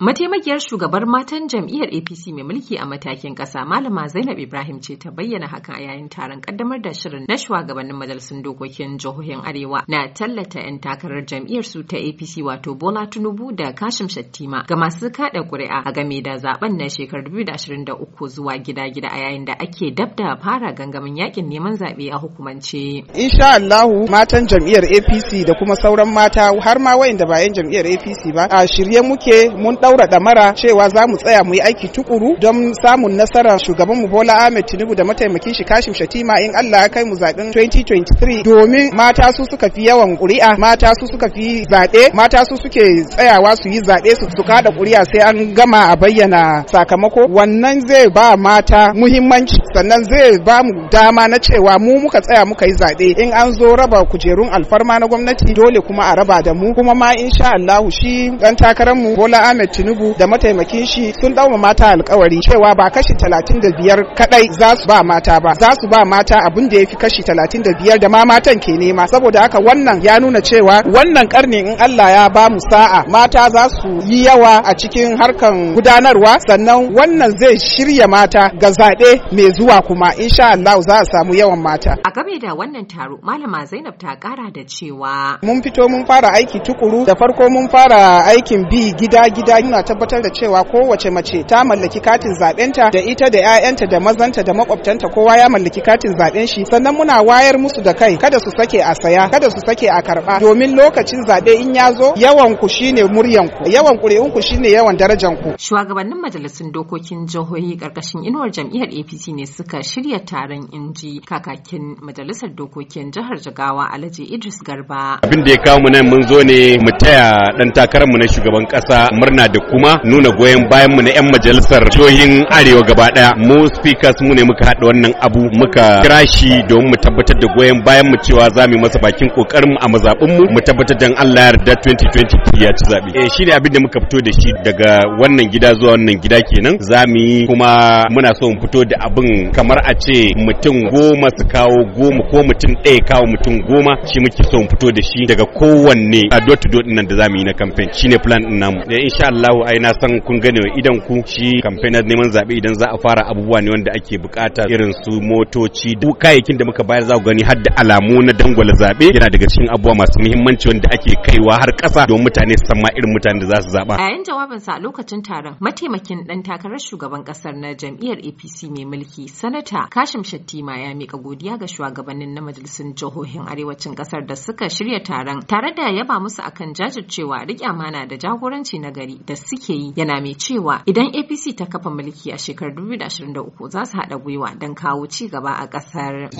Mataimakiyar shugabar matan jam'iyyar APC mai mulki a matakin ƙasa Malama Zainab Ibrahim ce ta bayyana haka a yayin taron kaddamar da shirin na shugabannin majalisun dokokin jihohin Arewa na tallata 'yan takarar jam'iyyar su ta APC wato Bola Tinubu da Kashim Shattima ga masu kada ƙuri'a a game da zaben na shekarar 2023 zuwa gida-gida a yayin da ake dab da fara gangamin yakin neman zaɓe a hukumance. Insha Allahu matan jam'iyyar APC da kuma sauran mata har ma wayanda ba 'yan jam'iyyar APC ba a shirye muke mun daura mara cewa za mu tsaya mu yi aiki tukuru don samun nasarar mu Bola Ahmed Tinubu da mataimakin shi Kashim Shatima in Allah ya kai mu zaɓen 2023 domin mata su suka fi yawan ƙuri'a mata su suka fi zaɓe mata su suke tsayawa su yi zaɓe su su kada ƙuri'a sai an gama a bayyana sakamako wannan zai ba mata muhimmanci sannan zai ba mu dama na cewa mu muka tsaya muka yi zaɓe in an zo raba kujerun alfarma na gwamnati dole kuma a raba da mu kuma ma insha allahu shi dan takararmu Bola Ahmed Tinubu da mataimakin shi sun dauma mata alkawari cewa ba kashi talatin 35 kadai za su ba mata ba za su ba mata abin da ya fi kashi talatin da biyar. Da ma matan ke nema saboda haka wannan ya nuna cewa wannan karni in Allah ya ba mu sa'a mata za su yi yawa a cikin harkan gudanarwa sannan wannan zai shirya mata ga zaɓe mai zuwa kuma insha Allah za a samu yawan mata a game da wannan taro malama Zainab ta kara da cewa mun fito mun fara aiki tukuru da farko mun fara aikin bi gida gida muna tabbatar da cewa kowace mace ta mallaki katin zaɓenta da ita da 'ya'yanta da mazanta da makwabtanta kowa ya mallaki katin zaɓen shi sannan muna wayar musu da kai kada su sake a saya kada su sake a karɓa domin lokacin zaɓe in ya zo yawan ku shine muryan ku yawan ƙuri'un ku shine yawan darajan ku. Shugabannin majalisun dokokin jihohi karkashin inuwar jam'iyyar APC ne suka shirya taron inji kakakin majalisar dokokin jihar Jigawa Alhaji Idris Garba. Abin da ya kawo mu nan mun zo ne mu taya takarar takararmu na shugaban ƙasa murna da da kuma nuna goyon bayan mu na 'yan majalisar jihohin arewa gaba daya mu speakers mu ne muka hada wannan abu muka kira shi domin mu tabbatar da goyon bayan mu cewa za mu masa bakin kokarin mu a mazabin mu mu tabbatar da Allah yarda 2023 ya ci zabe eh shine abin da muka fito da shi daga wannan gida zuwa wannan gida kenan za mu yi kuma muna so mu fito da abin kamar a ce mutum goma su kawo goma ko mutum ɗaya kawo mutum goma shi muke so mu fito da shi daga kowanne a dot dot nan da za mu yi na campaign shine plan din namu eh insha Allah Allahu ai na san kun gane idan ku shi kamfainar neman zaɓe idan za a fara abubuwa ne wanda ake bukata irin su motoci duk kayayyakin da muka bayar za ku gani har da alamu na dangwala zaɓe yana daga cikin abubuwa masu muhimmanci wanda ake kaiwa har ƙasa don mutane su san ma irin mutanen da za su zaɓa. Yayin sa a lokacin taron mataimakin ɗan takarar shugaban ƙasar na jam'iyyar APC mai mulki sanata Kashim Shattima ya miƙa godiya ga shugabannin na majalisun jihohin arewacin ƙasar da suka shirya taron tare da yaba musu akan jajircewa riƙe amana da jagoranci na gari da suke yi yana mai cewa idan APC ta kafa mulki a shekarar 2023 za su haɗa gwiwa don kawo ci gaba a ƙasar.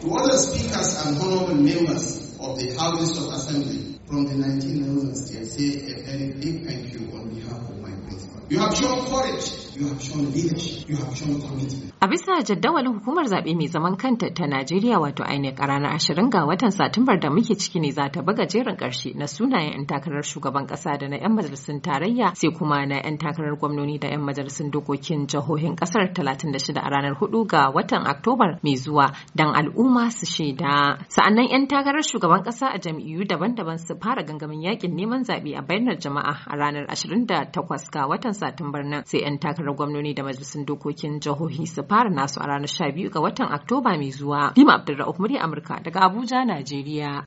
To other speakers and honorable members, of the Houses of Assembly from the 1911 state say a very big thank you on behalf of my principal. You have shown courage, you have shown leadership, you have shown commitment. A bisa jaddawalin hukumar zaɓe mai zaman kanta ta Najeriya wato INEC a ranar 20 ga watan Satumbar da muke ciki ne za ta buga jerin ƙarshe na sunayen 'yan takarar shugaban ƙasa da na 'yan majalisun tarayya sai kuma na 'yan takarar gwamnoni da 'yan majalisun dokokin jihohin ƙasar 36 a ranar 4 ga watan Oktoba mai zuwa don al'umma su shaida. Sa'annan 'yan takarar shugaban shugaban kasa a jam'iyyu daban-daban su fara gangamin yakin neman zaɓe a bayanar jama'a a ranar 28 ga watan Satumbar nan sai 'yan takarar gwamnoni da majalisun dokokin jihohi su fara nasu a ranar 12 ga watan Oktoba mai zuwa. Dima Abdulrahman Murya Amurka daga Abuja, Najeriya.